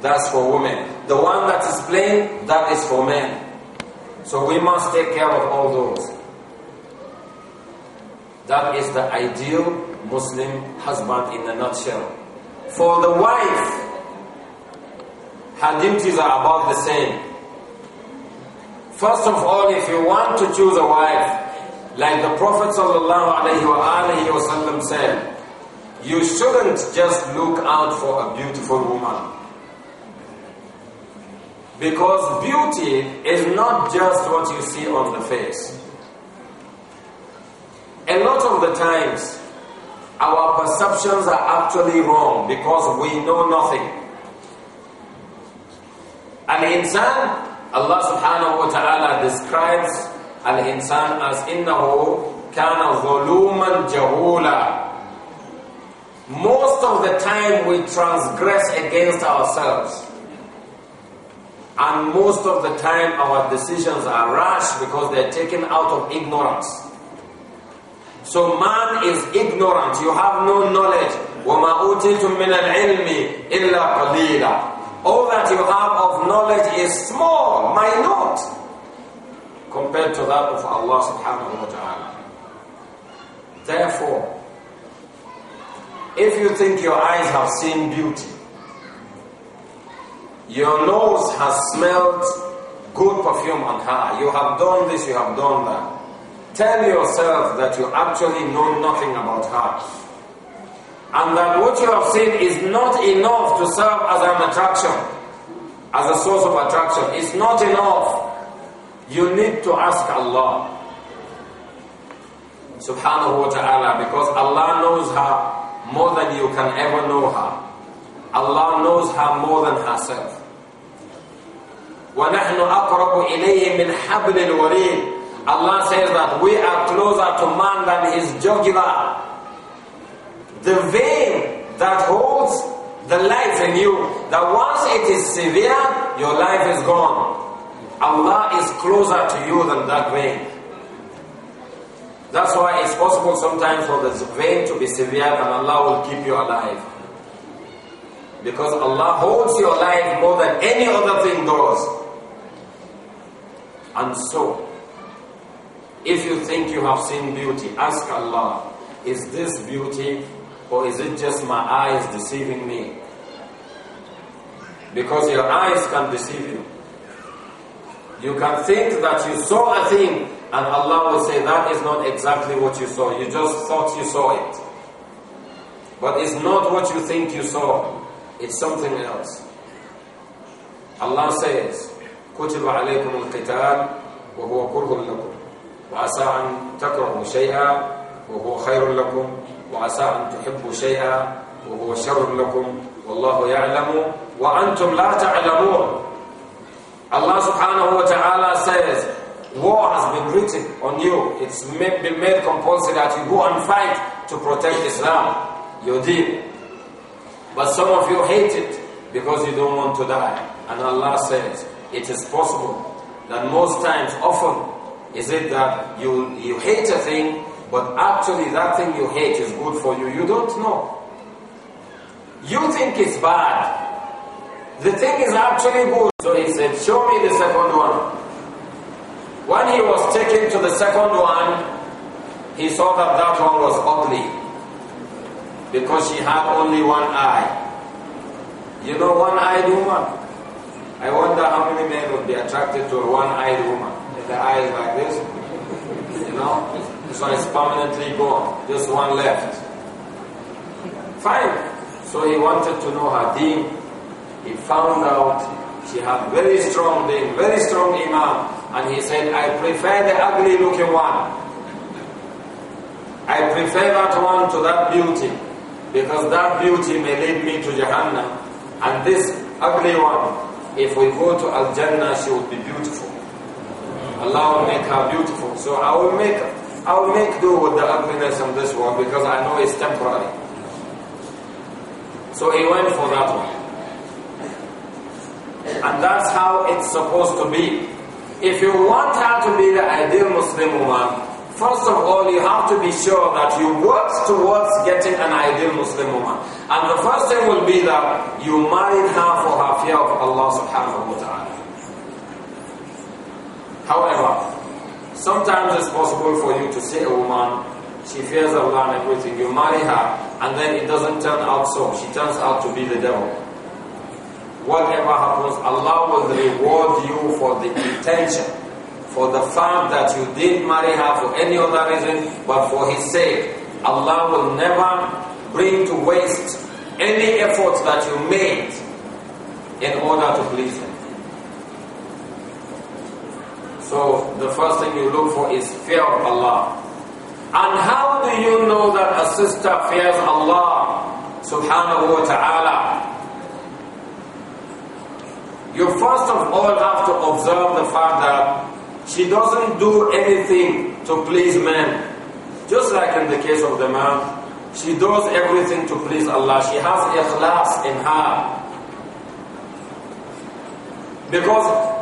that's for women. The one that is plain, that is for men. So we must take care of all those. That is the ideal Muslim husband in a nutshell. For the wife, her duties are about the same. First of all, if you want to choose a wife, like the Prophet ﷺ said, you shouldn't just look out for a beautiful woman. Because beauty is not just what you see on the face. A lot of the times, our perceptions are actually wrong because we know nothing. An insan, Allah subhanahu wa ta'ala describes an insan as innahu kana zuluman jahula. Most of the time we transgress against ourselves. And most of the time, our decisions are rash because they're taken out of ignorance. So man is ignorant. You have no knowledge. All that you have of knowledge is small, minute, compared to that of Allah subhanahu wa ta'ala. Therefore, if you think your eyes have seen beauty, your nose has smelled good perfume on her. You have done this, you have done that. Tell yourself that you actually know nothing about her. And that what you have seen is not enough to serve as an attraction, as a source of attraction. It's not enough. You need to ask Allah subhanahu wa ta'ala because Allah knows her more than you can ever know her. Allah knows her more than herself. وَنَحْنُ أَقْرَبُ إِلَيْهِ مِنْ حَبْلِ الْوَرِيدِ Allah says that we are closer to man than his jugular. The vein that holds the life in you, that once it is severe, your life is gone. Allah is closer to you than that vein. That's why it's possible sometimes for the vein to be severe and Allah will keep you alive. Because Allah holds your life more than any other thing does. And so, if you think you have seen beauty, ask Allah, is this beauty or is it just my eyes deceiving me? Because your eyes can deceive you. You can think that you saw a thing and Allah will say that is not exactly what you saw. You just thought you saw it. But it's not what you think you saw. It's something else. Allah says, كتب عليكم القتال وهو كره لكم وعسى أن تكرهوا شيئا وهو خير لكم وعسى أن تحبوا شيئا وهو شر لكم والله يعلم وأنتم لا تعلمون Allah subhanahu wa ta'ala says war has been written on you it's made, been made compulsory that you go and fight to protect Islam your deed but some of you hate it because you don't want to die and Allah says it is possible that most times, often, is it that you, you hate a thing, but actually that thing you hate is good for you. You don't know. You think it's bad. The thing is actually good. So he said, show me the second one. When he was taken to the second one, he saw that that one was ugly because she had only one eye. You know, one eye do one. I wonder how many men would be attracted to a one-eyed woman. The eyes like this, you know? This one is permanently gone. Just one left. Fine. So he wanted to know her deen. He found out she had very strong deen, very strong imam. And he said, I prefer the ugly looking one. I prefer that one to that beauty. Because that beauty may lead me to Jahannam. And this ugly one if we go to Al Jannah, she will be beautiful. Allah will make her beautiful. So I will make I will make do with the ugliness of this world because I know it's temporary. So he went for that one. And that's how it's supposed to be. If you want her to be the ideal Muslim woman, First of all, you have to be sure that you work towards getting an ideal Muslim woman. And the first thing will be that you marry her for her fear of Allah subhanahu wa ta'ala. However, sometimes it's possible for you to see a woman, she fears Allah and everything. You marry her, and then it doesn't turn out so. She turns out to be the devil. Whatever happens, Allah will reward you for the intention for the fact that you did marry her for any other reason but for his sake. Allah will never bring to waste any efforts that you made in order to please him. So the first thing you look for is fear of Allah. And how do you know that a sister fears Allah subhanahu wa ta'ala? You first of all have to observe the fact that she doesn't do anything to please men. Just like in the case of the man, she does everything to please Allah. She has ikhlas in her. Because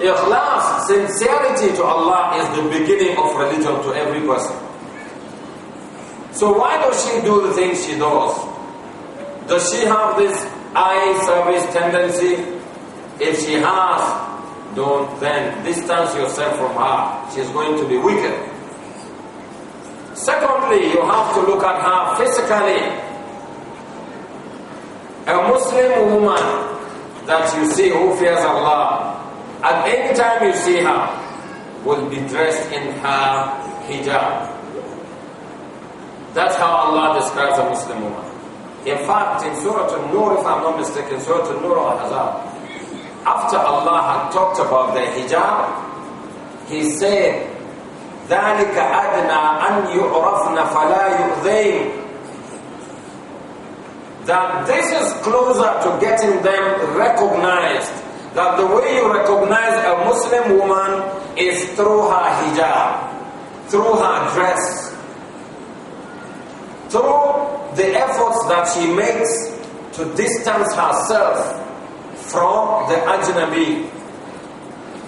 Ikhlas, sincerity to Allah is the beginning of religion to every person. So why does she do the things she does? Does she have this eye service tendency? If she has, don't then distance yourself from her. She's going to be wicked. Secondly, you have to look at her physically. A Muslim woman that you see who fears Allah, at any time you see her, will be dressed in her hijab. That's how Allah describes a Muslim woman. In fact, in Surah Al-Nur, if I'm not mistaken, Surah Al-Nur al-Hazab, after Allah had talked about the hijab, He said, ذَلِكَ أَدْنَى أَنْ يُعْرَفْنَ فَلَا يُؤْذَيْنَ That this is closer to getting them recognized. That the way you recognize a Muslim woman is through her hijab, through her dress, through the efforts that she makes to distance herself from the ajnabi,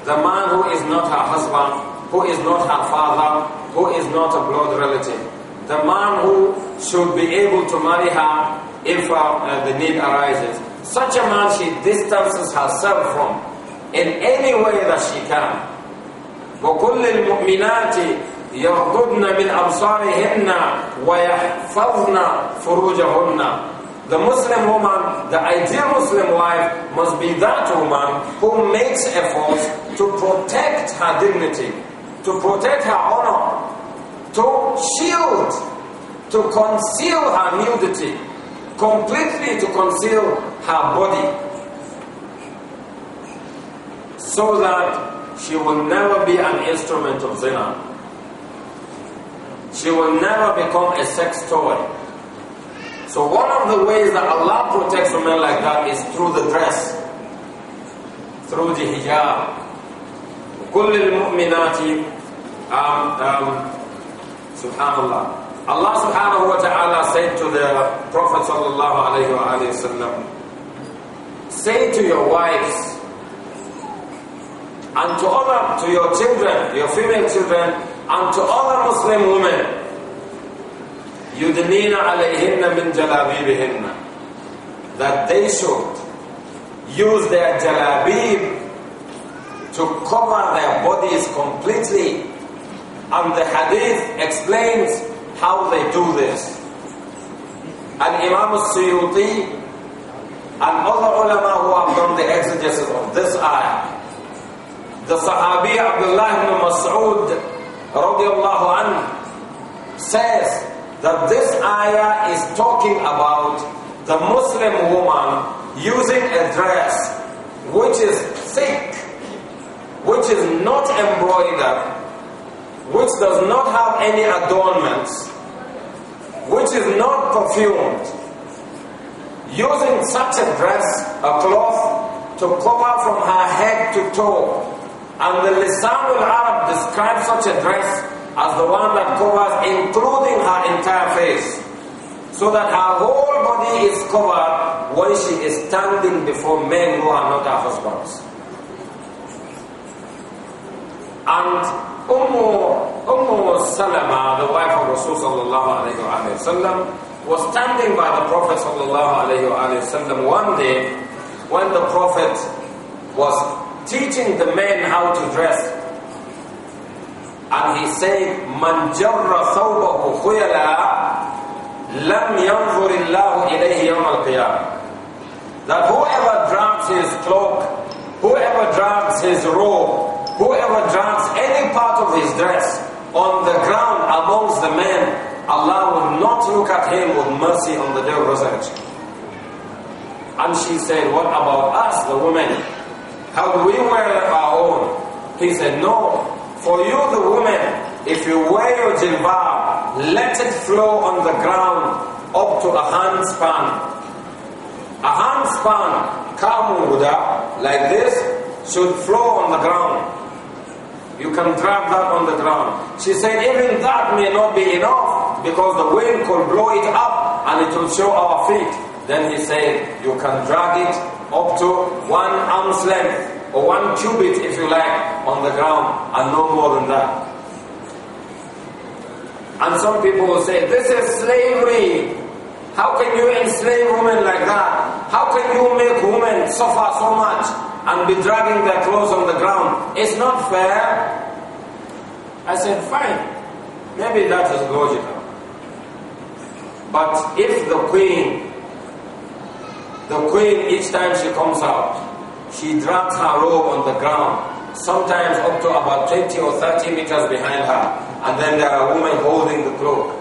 the man who is not her husband, who is not her father, who is not a blood relative. The man who should be able to marry her if uh, uh the need arises. Such a man she distances herself from in any way that she can. وكل المؤمنات يغضبن من أبصارهن ويحفظن فروجهن the Muslim woman, the ideal Muslim wife, must be that woman who makes efforts to protect her dignity, to protect her honor, to shield, to conceal her nudity, completely to conceal her body, so that she will never be an instrument of zina. She will never become a sex toy. So one of the ways that Allah protects a man like that is through the dress, through the hijab. كل المؤمنات um, um, Subhanallah. Allah subhanahu wa ta'ala said to the Prophet sallallahu alayhi wa say to your wives and to other, to your children, your female children, and to other Muslim women, that they should use their jalabib to cover their bodies completely. And the hadith explains how they do this. And Imam al-Suyuti and other ulama who have done the exegesis of this ayah, the Sahabi Abdullah ibn Mas'ud radiallahu anhu says that this ayah is talking about the Muslim woman using a dress which is thick, which is not embroidered, which does not have any adornments, which is not perfumed, using such a dress, a cloth, to cover from her head to toe. And the Lisan al-Arab describes such a dress as the one that covers including her entire face so that her whole body is covered when she is standing before men who are not her husbands. And Ummu, Salama, the wife of Rasulullah sallallahu was standing by the Prophet sallallahu alayhi wa one day when the Prophet was teaching the men how to dress and he said, من جر ثوبه خيلا لم ينظر الله إليه يوم القيامة that whoever drags his cloak, whoever drags his robe, whoever drags any part of his dress on the ground amongst the men, Allah will not look at him with mercy on the day of resurrection. And she said, What about us, the women? How do we wear our own? He said, No, for you, the woman, if you wear your jilbab, let it flow on the ground up to a handspan. A handspan, span, like this, should flow on the ground. You can drag that on the ground. She said, even that may not be enough because the wind could blow it up and it will show our feet. Then he said, you can drag it up to one arm's length or one cubit if you like on the ground and no more than that. And some people will say, this is slavery. How can you enslave women like that? How can you make women suffer so much and be dragging their clothes on the ground? It's not fair. I said, fine. Maybe that is logical. But if the queen, the queen each time she comes out, she drops her robe on the ground, sometimes up to about 20 or 30 meters behind her, and then there are women holding the cloak.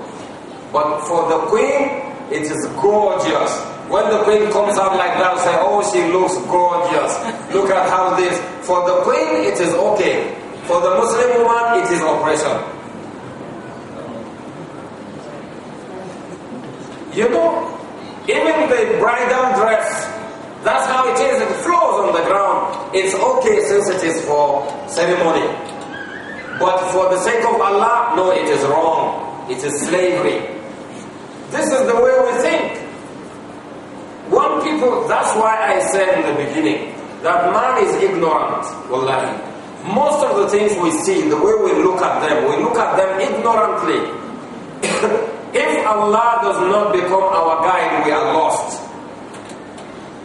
But for the queen, it is gorgeous. When the queen comes out like that, say, oh, she looks gorgeous. Look at how this. For the queen, it is okay. For the Muslim woman, it is oppression. You know, even the bridal dress that's how it is. It flows on the ground. It's okay since it is for ceremony. But for the sake of Allah, no, it is wrong. It is slavery. This is the way we think. One people, that's why I said in the beginning that man is ignorant. Wallahi. Most of the things we see, the way we look at them, we look at them ignorantly. if Allah does not become our guide, we are lost.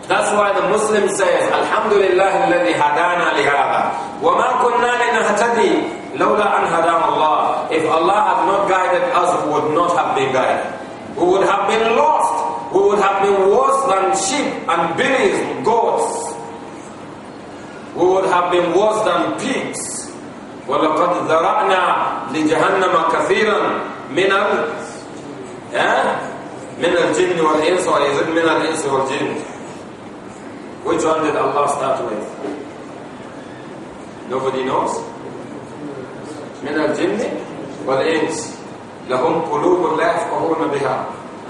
That's why the Muslim says, Alhamdulillah alladhi hadana lihada. Wa ma kunna linahtadi lawla an hadana Allah. If Allah had not guided us, we would not have been guided. We would have been lost. We would have been worse than sheep and billies, goats. We would have been worse than pigs. ولقد ذرأنا لجهنم كثيرا من ال... Eh? من الجن والإنس وإذن من الإنس والجن which one did Allah start with? Nobody knows? من الجن والإنس lahum قلوب لا يفقهون بها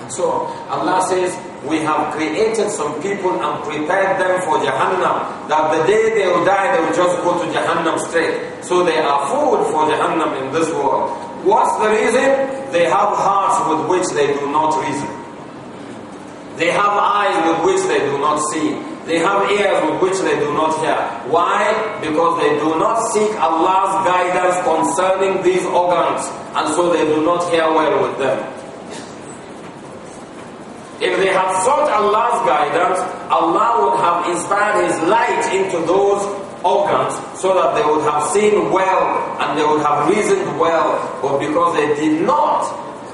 So Allah says we have created some people and prepared them for Jahannam that the day they will die they will just go to Jahannam straight so they are food for Jahannam in this world what's the reason? they have hearts with which they do not reason they have eyes with which they do not see they have ears with which they do not hear. Why? Because they do not seek Allah's guidance concerning these organs, and so they do not hear well with them. If they had sought Allah's guidance, Allah would have inspired His light into those organs so that they would have seen well and they would have reasoned well, but because they did not,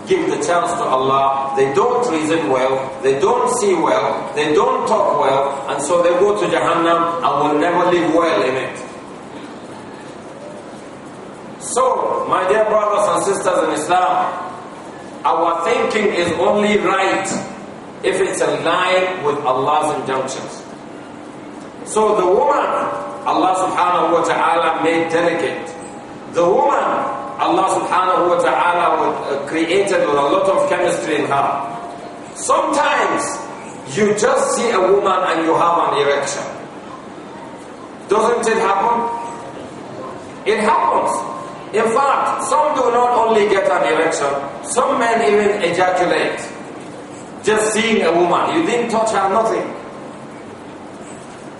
give the chance to Allah, they don't reason well, they don't see well, they don't talk well, and so they go to Jahannam and will never live well in it. So, my dear brothers and sisters in Islam, our thinking is only right if it's aligned with Allah's injunctions. So the woman, Allah subhanahu wa ta'ala made delicate. The woman Allah subhanahu wa ta'ala uh, created a lot of chemistry in her. Sometimes you just see a woman and you have an erection. Doesn't it happen? It happens. In fact, some do not only get an erection, some men even ejaculate. Just seeing a woman, you didn't touch her, nothing.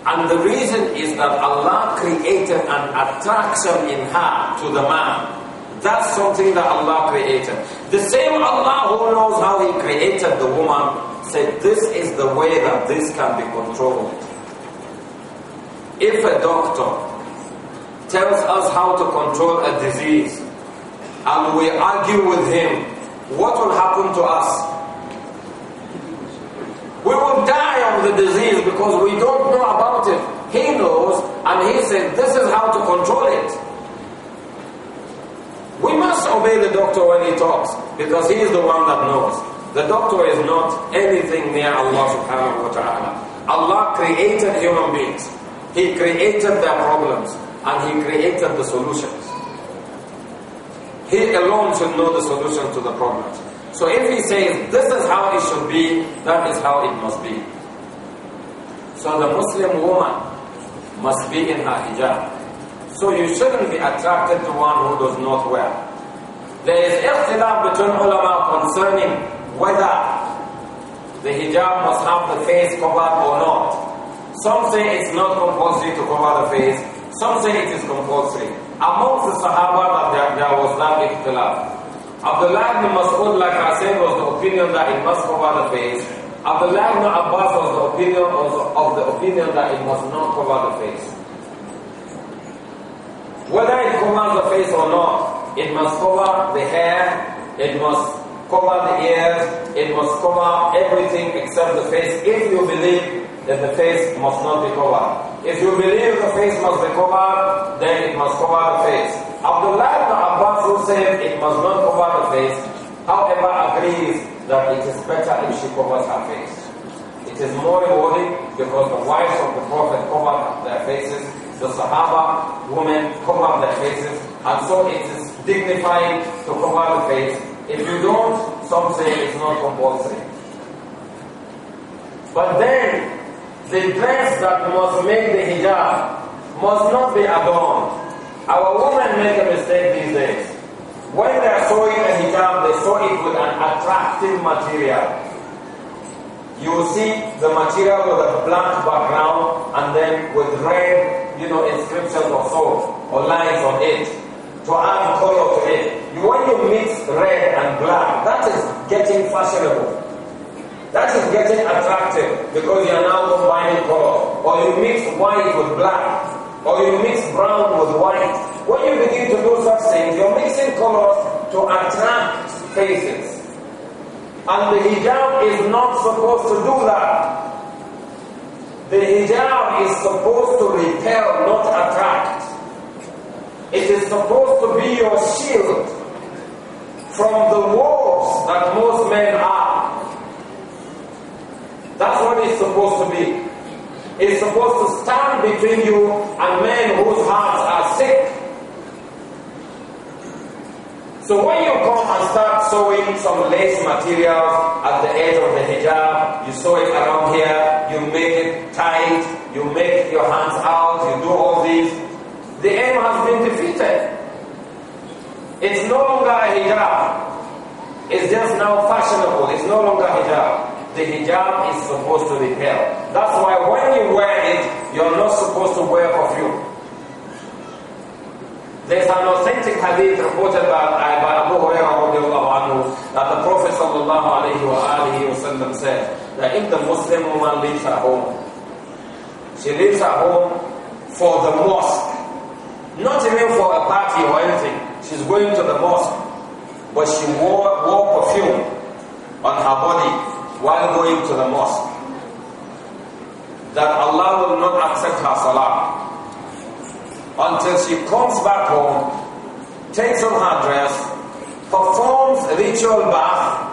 And the reason is that Allah created an attraction in her to the man. That's something that Allah created. The same Allah who knows how He created the woman said, this is the way that this can be controlled. If a doctor tells us how to control a disease and we argue with him, what will happen to us? We will die of the disease because we don't know about it. He knows and he said, this is how to control it. We must obey the doctor when he talks because he is the one that knows. The doctor is not anything near Allah subhanahu wa ta'ala. Allah created human beings. He created their problems and He created the solutions. He alone should know the solution to the problems. So if He says, this is how it should be, that is how it must be. So the Muslim woman must be in her hijab. So you shouldn't be attracted to one who does not wear. There is ikhtilaf between ulama concerning whether the hijab must have the face covered or not. Some say it's not compulsory to cover the face. Some say it is compulsory. Amongst the Sahaba, there, there was that ikhtilaf. Abdullah ibn Mas'ud, like I said, was the opinion that it must cover the face. Abdullah ibn Abbas was the opinion was of the opinion that it must not cover the face. Whether it covers the face or not, it must cover the hair, it must cover the ears, it must cover everything except the face if you believe that the face must not be covered. If you believe the face must be covered, then it must cover the face. Abdullah ibn Abbas who said it must not cover the face, however agrees that it is better if she covers her face. It is more rewarding because the wives of the Prophet covered their faces the Sahaba, women cover their faces, and so it is dignified to cover the face. If you don't, some say it's not compulsory. But then, the dress that must make the hijab must not be adorned. Our women make a mistake these days. When they are sewing a hijab, they sew it with an attractive material you will see the material with a black background and then with red, you know, inscriptions or so, or lines on it to add color to it. You When you mix red and black, that is getting fashionable. That is getting attractive because you are now combining color. Or you mix white with black, or you mix brown with white. When you begin to do such things, you're mixing colors to attract faces. And the hijab is not supposed to do that. The hijab is supposed to repel, not attack. It is supposed to be your shield from the wars that most men are. That's what it's supposed to be. It's supposed to stand between you and men whose hearts are sick so when you come and start sewing some lace materials at the edge of the hijab, you sew it around here, you make it tight, you make your hands out, you do all these, the aim has been defeated. It's no longer a hijab. It's just now fashionable. It's no longer hijab. The hijab is supposed to repel. That's why when you wear it, you're not supposed to wear perfume. There's an authentic hadith reported by, by Abu Hurairah that the Prophet sallallahu said that if the Muslim woman leaves her home, she leaves her home for the mosque, not even for a party or anything. She's going to the mosque, but she wore, wore perfume on her body while going to the mosque. That Allah will not accept her salah until she comes back home, takes on her dress, performs ritual bath,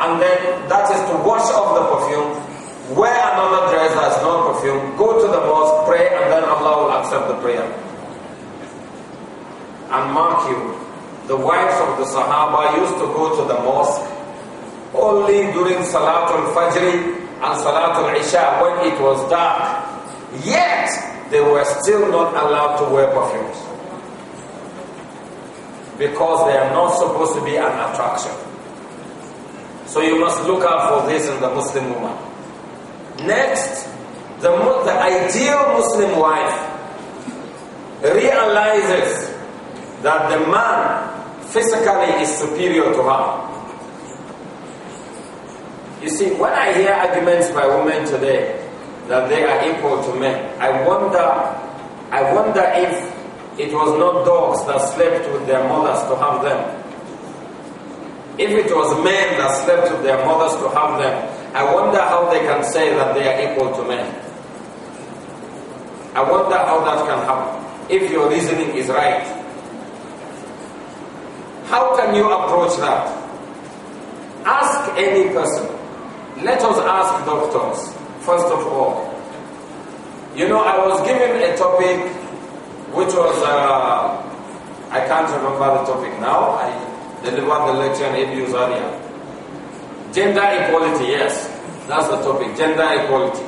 and then that is to wash off the perfume, wear another dress that is not perfume, go to the mosque, pray, and then Allah will accept the prayer. And mark you, the wives of the Sahaba used to go to the mosque only during Salatul Fajr and Salatul Isha when it was dark. Yet, they were still not allowed to wear perfumes because they are not supposed to be an attraction. So you must look out for this in the Muslim woman. Next, the, the ideal Muslim wife realizes that the man physically is superior to her. You see, when I hear arguments by women today, that they are equal to men. I wonder, I wonder if it was not dogs that slept with their mothers to have them. If it was men that slept with their mothers to have them, I wonder how they can say that they are equal to men. I wonder how that can happen, if your reasoning is right. How can you approach that? Ask any person. Let us ask doctors. First of all, you know, I was given a topic which was, uh, I can't remember the topic now. I delivered the lecture in years earlier. Gender equality, yes, that's the topic, gender equality.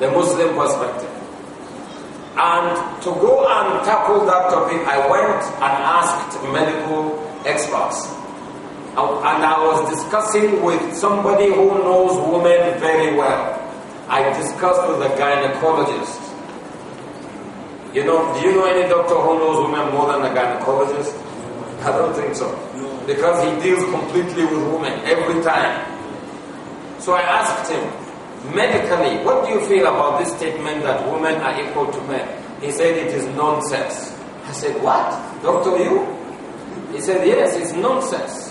The Muslim perspective. And to go and tackle that topic, I went and asked medical experts and I was discussing with somebody who knows women very well. I discussed with a gynecologist. You know, do you know any doctor who knows women more than a gynecologist? I don't think so. Because he deals completely with women every time. So I asked him, medically, what do you feel about this statement that women are equal to men? He said it is nonsense. I said, what? Doctor, you? He said, yes, it's nonsense.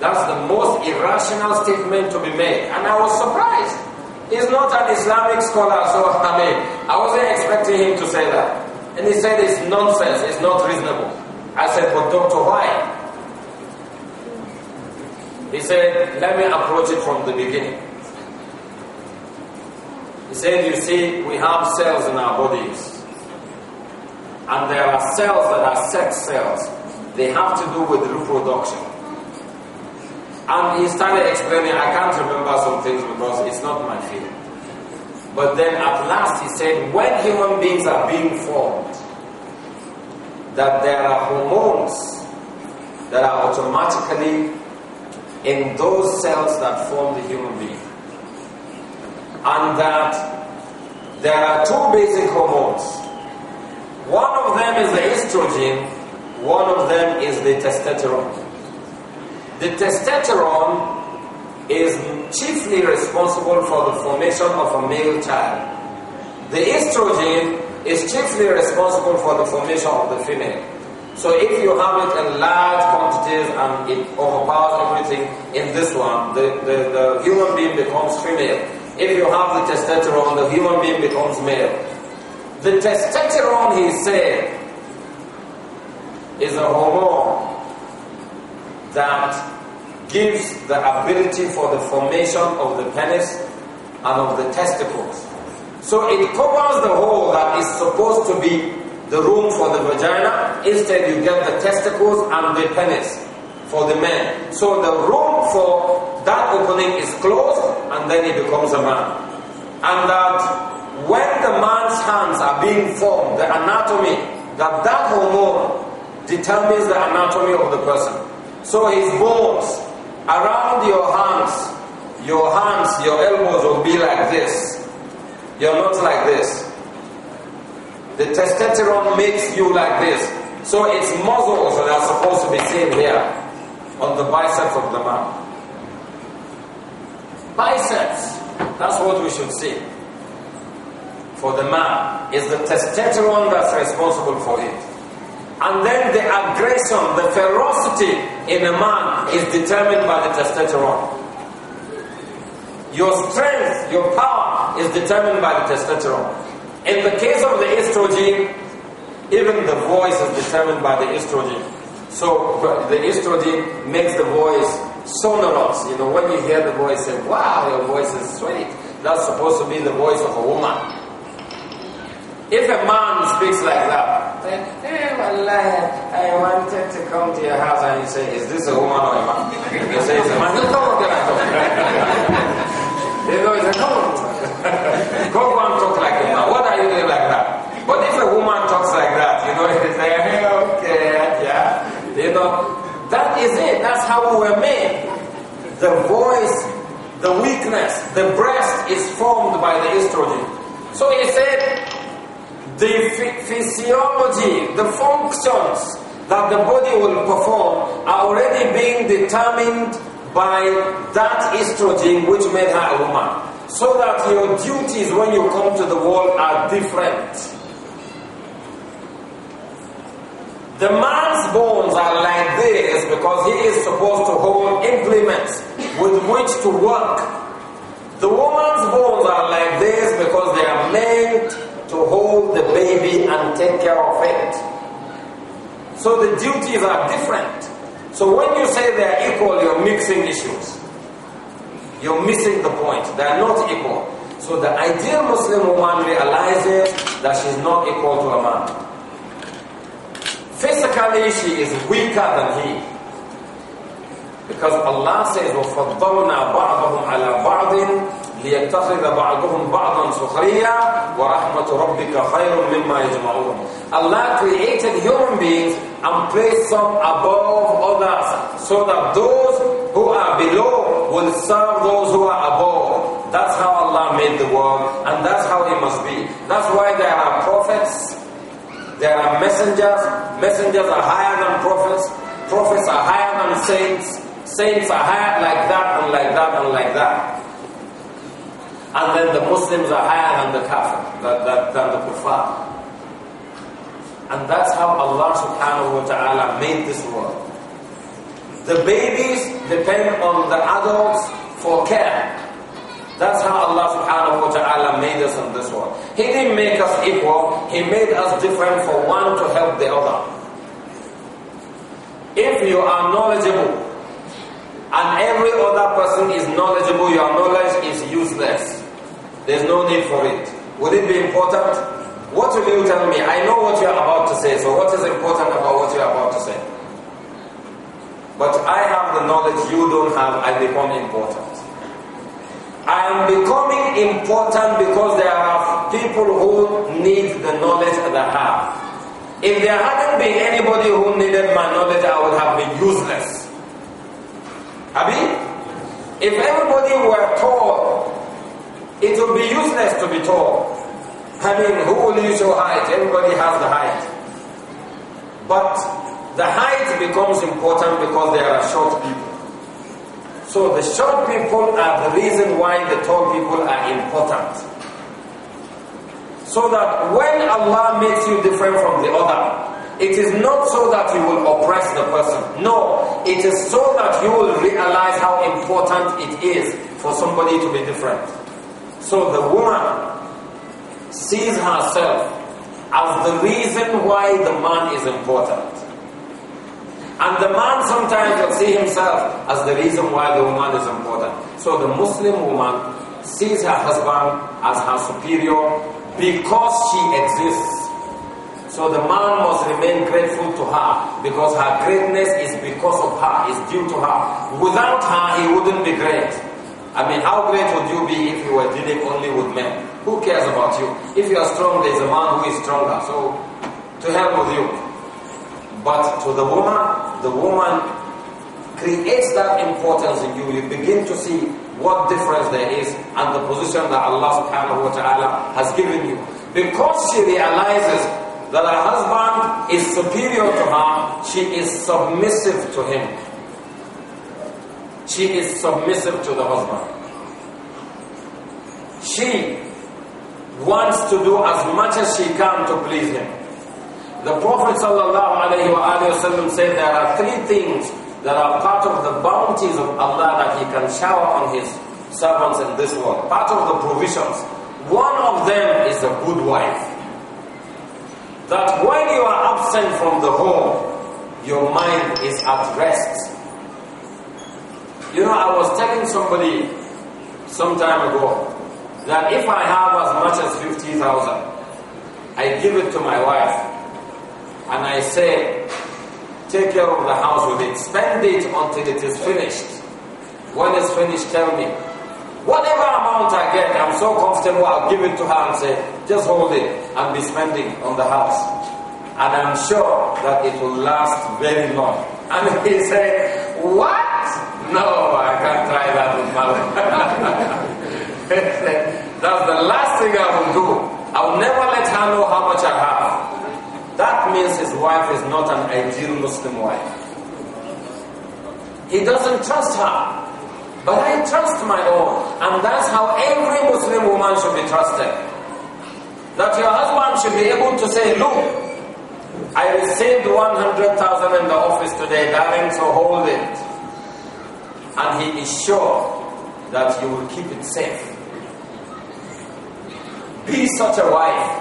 That's the most irrational statement to be made. And I was surprised. He's not an Islamic scholar, so I mean, I wasn't expecting him to say that. And he said it's nonsense, it's not reasonable. I said, but doctor, why? He said, let me approach it from the beginning. He said, you see, we have cells in our bodies. And there are cells that are sex cells. They have to do with reproduction. And he started explaining, I can't remember some things because it's not my field. But then at last he said, when human beings are being formed, that there are hormones that are automatically in those cells that form the human being. And that there are two basic hormones. One of them is the estrogen, one of them is the testosterone. The testosterone is chiefly responsible for the formation of a male child. The estrogen is chiefly responsible for the formation of the female. So if you have it in large quantities and it overpowers everything in this one, the, the, the human being becomes female. If you have the testosterone, the human being becomes male. The testosterone, he said, is a hormone that gives the ability for the formation of the penis and of the testicles. So it covers the hole that is supposed to be the room for the vagina. Instead, you get the testicles and the penis for the man. So the room for that opening is closed and then he becomes a man. And that when the man's hands are being formed, the anatomy, that that hormone determines the anatomy of the person. So his bones around your hands, your hands, your elbows will be like this. You're not like this. The testosterone makes you like this. So it's muscles that are supposed to be seen here on the biceps of the man. Biceps, that's what we should see. For the man, is the testosterone that's responsible for it. And then the aggression, the ferocity in a man is determined by the testosterone. Your strength, your power is determined by the testosterone. In the case of the estrogen, even the voice is determined by the estrogen. So the estrogen makes the voice sonorous. You know, when you hear the voice, say, wow, your voice is sweet. That's supposed to be the voice of a woman. If a man speaks like that, like, hey, eh, Allah, I wanted to come to your house, and you say, is this a woman or a man? You say, it's a man. He'll come and talk. You know, he's a woman. Go and talk like a man. What are you doing like that? But if a woman talks like that, you know, it's like, hey, okay, yeah. You know, that is it. That's how we were made. The voice, the weakness, the breast is formed by the estrogen. So he said, the physiology, the functions that the body will perform are already being determined by that estrogen which made her a woman. So that your duties when you come to the world are different. The man's bones are like this because he is supposed to hold implements with which to work. The woman's bones are like this because they are made to hold the baby and take care of it. So the duties are different. So when you say they are equal, you're mixing issues. You're missing the point. They are not equal. So the ideal Muslim woman realizes that she's not equal to a man. Physically, she is weaker than he. Because Allah says, وَفَضَّلْنَا بَعْضَهُمْ عَلَى بَعْضٍ ليتخذ بعضهم بعضا سخريا ورحمة ربك خير مما يجمعون Allah created human beings and placed some above others so that those who are below will serve those who are above. That's how Allah made the world and that's how it must be. That's why there are prophets, there are messengers, messengers are higher than prophets, prophets are higher than saints, saints are higher like that and like that and like that and then the Muslims are higher than the kafir, than, than, than the kuffar. And that's how Allah subhanahu wa ta'ala made this world. The babies depend on the adults for care. That's how Allah subhanahu wa ta'ala made us in this world. He didn't make us equal, He made us different for one to help the other. If you are knowledgeable and every other person is knowledgeable, your knowledge is useless. There's no need for it. Would it be important? What will you tell me? I know what you are about to say, so what is important about what you are about to say? But I have the knowledge you don't have, I become important. I am becoming important because there are people who need the knowledge that I have. If there hadn't been anybody who needed my knowledge, I would have been useless. Abi? If everybody were told it would be useless to be tall. I mean, who will use your height? Everybody has the height. But the height becomes important because there are short people. So the short people are the reason why the tall people are important. So that when Allah makes you different from the other, it is not so that you will oppress the person. No, it is so that you will realize how important it is for somebody to be different. So the woman sees herself as the reason why the man is important. And the man sometimes will see himself as the reason why the woman is important. So the Muslim woman sees her husband as her superior because she exists. So the man must remain grateful to her because her greatness is because of her, is due to her. Without her, he wouldn't be great. I mean, how great would you be if you were dealing only with men? Who cares about you? If you are strong, there is a man who is stronger. So, to help with you. But to the woman, the woman creates that importance in you. You begin to see what difference there is and the position that Allah subhanahu wa ta'ala has given you. Because she realizes that her husband is superior to her, she is submissive to him. She is submissive to the husband. She wants to do as much as she can to please him. The Prophet wasallam said there are three things that are part of the bounties of Allah that He can shower on His servants in this world. Part of the provisions. One of them is a good wife. That when you are absent from the home, your mind is at rest you know, I was telling somebody some time ago that if I have as much as 50,000, I give it to my wife and I say, take care of the house with it. Spend it until it is finished. When it's finished, tell me. Whatever amount I get, I'm so comfortable, I'll give it to her and say, just hold it and be spending on the house. And I'm sure that it will last very long. And he said, what? No, I can't try that with my wife. That's the last thing I will do. I will never let her know how much I have. That means his wife is not an ideal Muslim wife. He doesn't trust her. But I trust my own. And that's how every Muslim woman should be trusted. That your husband should be able to say, look, I received 100,000 in the office today, darling, so hold it and He is sure that you will keep it safe. Be such a wife.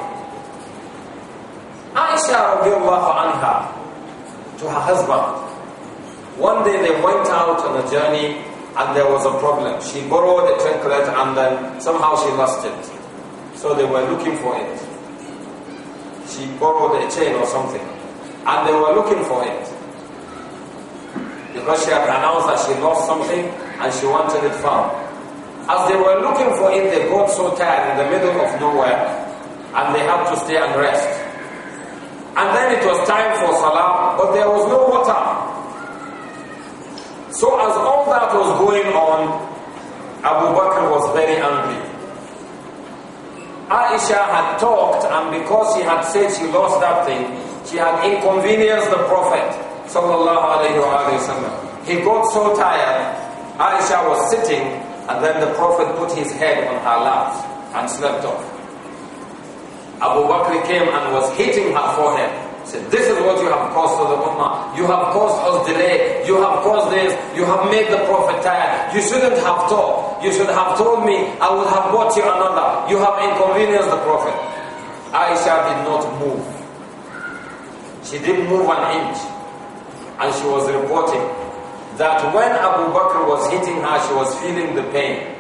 Aisha anha to her husband. One day they went out on a journey and there was a problem. She borrowed a trinket and then somehow she lost it. So they were looking for it. She borrowed a chain or something and they were looking for it because she had announced that she lost something and she wanted it found. As they were looking for it, they got so tired in the middle of nowhere and they had to stay and rest. And then it was time for Salah, but there was no water. So as all that was going on, Abu Bakr was very angry. Aisha had talked and because she had said she lost that thing, she had inconvenienced the Prophet sallallahu alayhi wa He got so tired, Aisha was sitting, and then the Prophet put his head on her lap and slept off. Abu Bakr came and was hitting her forehead. He said, this is what you have caused to the Ummah. You have caused us delay. You have caused this. You have made the Prophet tired. You shouldn't have talked. You should have told me. I would have bought you another. You have inconvenienced the Prophet. Aisha did not move. She didn't move an inch and she was reporting that when Abu Bakr was hitting her, she was feeling the pain.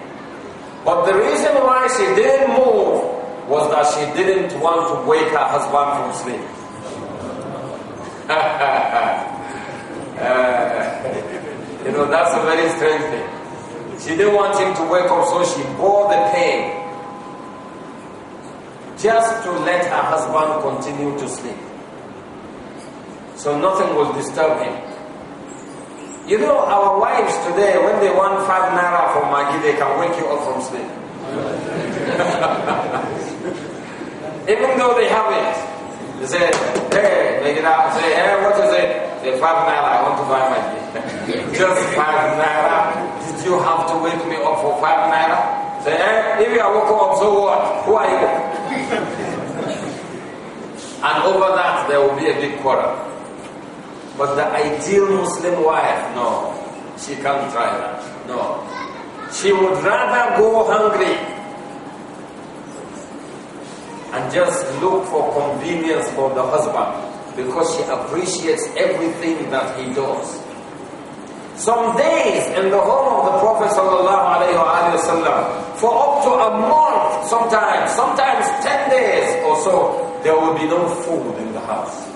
But the reason why she didn't move was that she didn't want to wake her husband from sleep. uh, you know, that's a very strange thing. She didn't want him to wake up, so she bore the pain just to let her husband continue to sleep. So nothing will disturb him. You know, our wives today, when they want five naira from Maggie, they can wake you up from sleep. Even though they have it, they say, hey, make it out. Say, hey, what is it? Say, five naira, I want to buy Maggi. Just five naira. Did you have to wake me up for five naira? Say, hey, eh, if you are woken up, so what? Who are you? and over that, there will be a big quarrel. But the ideal Muslim wife, no, she can't try that. No. She would rather go hungry and just look for convenience for the husband because she appreciates everything that he does. Some days in the home of the Prophet ﷺ, for up to a month sometimes, sometimes 10 days or so, there will be no food in the house.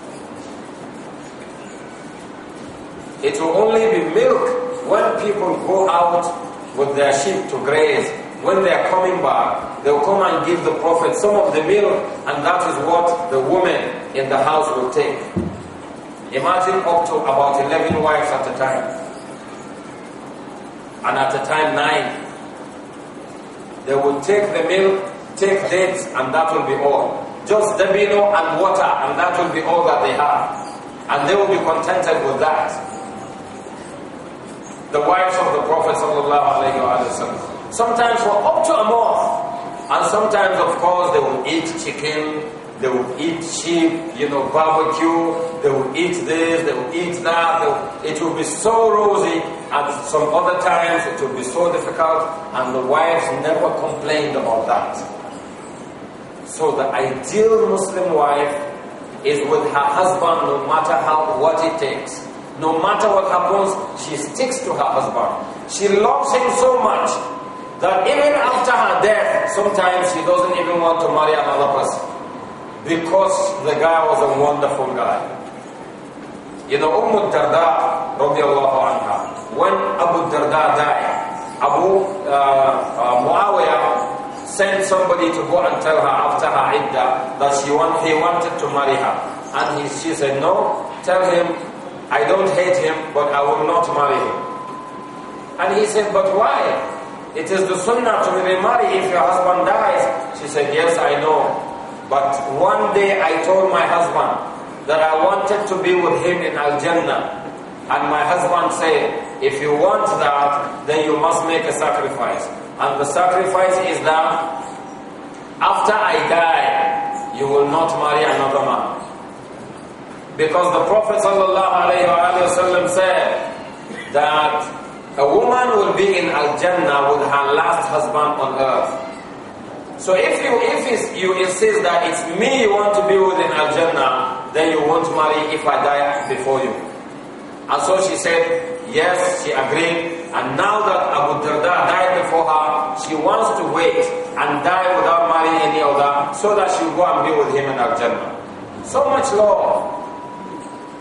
It will only be milk when people go out with their sheep to graze. When they are coming back, they'll come and give the Prophet some of the milk, and that is what the woman in the house will take. Imagine up to about 11 wives at a time. And at a time, nine. They will take the milk, take dates, and that will be all. Just dabino and water, and that will be all that they have. And they will be contented with that the wives of the Prophet Sometimes for up to a month. And sometimes, of course, they will eat chicken, they will eat sheep, you know, barbecue, they will eat this, they will eat that. Will, it will be so rosy. And some other times, it will be so difficult. And the wives never complained about that. So the ideal Muslim wife is with her husband no matter how what it takes. No matter what happens, she sticks to her husband. She loves him so much that even after her death, sometimes she doesn't even want to marry another person because the guy was a wonderful guy. You know, Umm Darda, radiallahu anha, when Abu Darda died, Abu uh, uh, Muawiyah sent somebody to go and tell her after her iddah that she want, he wanted to marry her. And he, she said, no, tell him I don't hate him, but I will not marry him. And he said, but why? It is the sunnah to remarry if your husband dies. She said, yes, I know. But one day I told my husband that I wanted to be with him in Al-Jannah. And my husband said, if you want that, then you must make a sacrifice. And the sacrifice is that after I die, you will not marry another man. Because the Prophet ﷺ said that a woman will be in Al-Jannah with her last husband on earth. So if you if you insist that it's me you want to be with in Al-Jannah, then you won't marry if I die before you. And so she said, yes, she agreed. And now that Abu Darda died before her, she wants to wait and die without marrying any other so that she'll go and be with him in Al-Jannah. So much love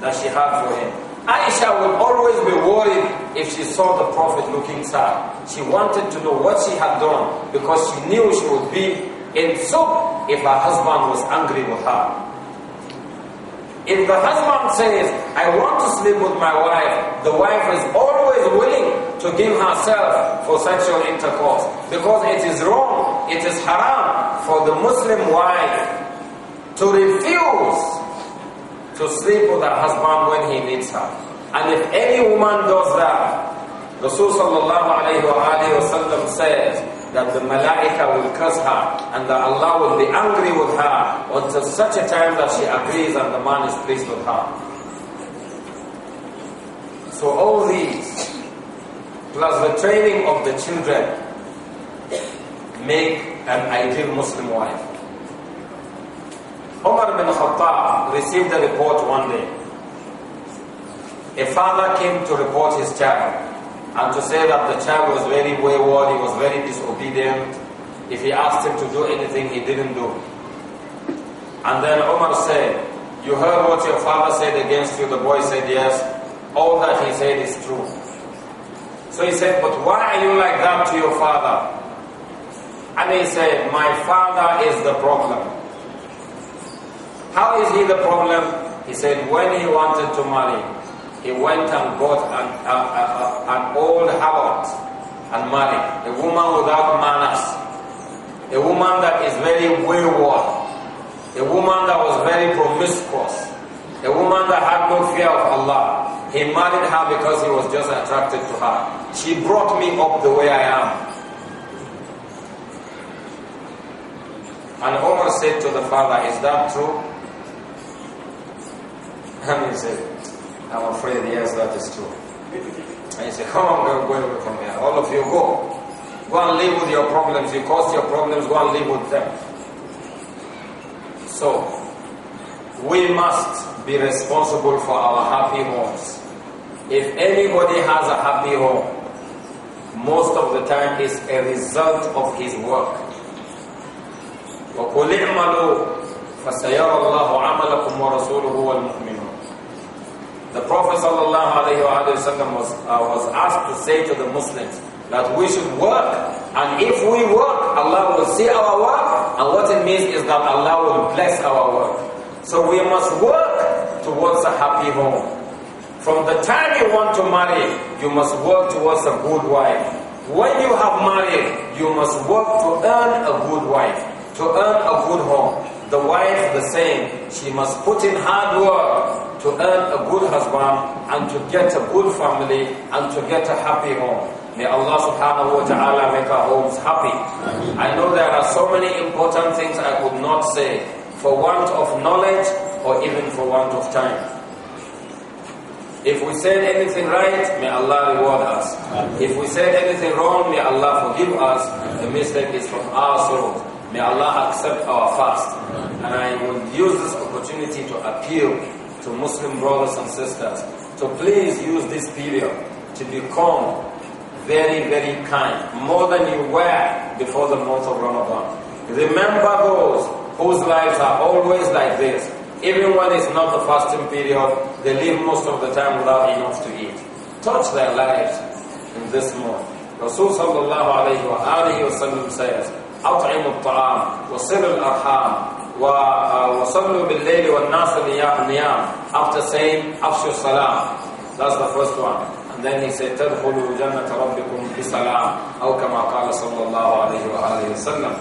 that she had for him. Aisha would always be worried if she saw the Prophet looking sad. She wanted to know what she had done because she knew she would be in soup if her husband was angry with her. If the husband says, I want to sleep with my wife, the wife is always willing to give herself for sexual intercourse because it is wrong, it is haram for the Muslim wife to refuse to sleep with her husband when he needs her. And if any woman does that, Rasul sallallahu alayhi wa says that the malaika will curse her and that Allah will be angry with her until such a time that she agrees and the man is pleased with her. So all these, plus the training of the children, make an ideal Muslim wife. received a report one day. A father came to report his child and to say that the child was very wayward, he was very disobedient. If he asked him to do anything, he didn't do. And then Omar said, You heard what your father said against you? The boy said, Yes. All that he said is true. So he said, But why are you like that to your father? And he said, My father is the problem. How is he the problem? He said, when he wanted to marry, he went and bought an, a, a, a, an old habit and married. A woman without manners. A woman that is very wayward. A woman that was very promiscuous. A woman that had no fear of Allah. He married her because he was just attracted to her. She brought me up the way I am. And Omar said to the father, Is that true? And he said, I'm afraid, yes, that is true. And he said, come on, go away from here. All of you go. Go and live with your problems. You caused your problems, go and live with them. So, we must be responsible for our happy homes. If anybody has a happy home, most of the time is a result of his work. وَقُلْ اعْمَلُوا فَسَيَرَى اللَّهُ عَمَلَكُمْ وَرَسُولُهُ وَالْمُؤْمِنُونَ the Prophet ﷺ was, uh, was asked to say to the Muslims that we should work, and if we work, Allah will see our work, and what it means is that Allah will bless our work. So we must work towards a happy home. From the time you want to marry, you must work towards a good wife. When you have married, you must work to earn a good wife, to earn a good home. The wife, the same. She must put in hard work to earn a good husband and to get a good family and to get a happy home. May Allah subhanahu wa ta'ala make our homes happy. I know there are so many important things I could not say for want of knowledge or even for want of time. If we said anything right, may Allah reward us. If we said anything wrong, may Allah forgive us. The mistake is from our sorrow. May Allah accept our fast. And I will use this opportunity to appeal to Muslim brothers and sisters to please use this period to become very, very kind, more than you were before the month of Ramadan. Remember those whose lives are always like this. Even when it's not the fasting period, they live most of the time without enough to eat. Touch their lives in this month. Rasul sallallahu alayhi wa alayhi wa sallam says, أطعم الطعام وصل الأرحام وصلوا بالليل والناس نيام after saying أفشوا السلام that's the first one and then he said تدخلوا جنة ربكم بسلام أو كما قال صلى الله عليه وآله وسلم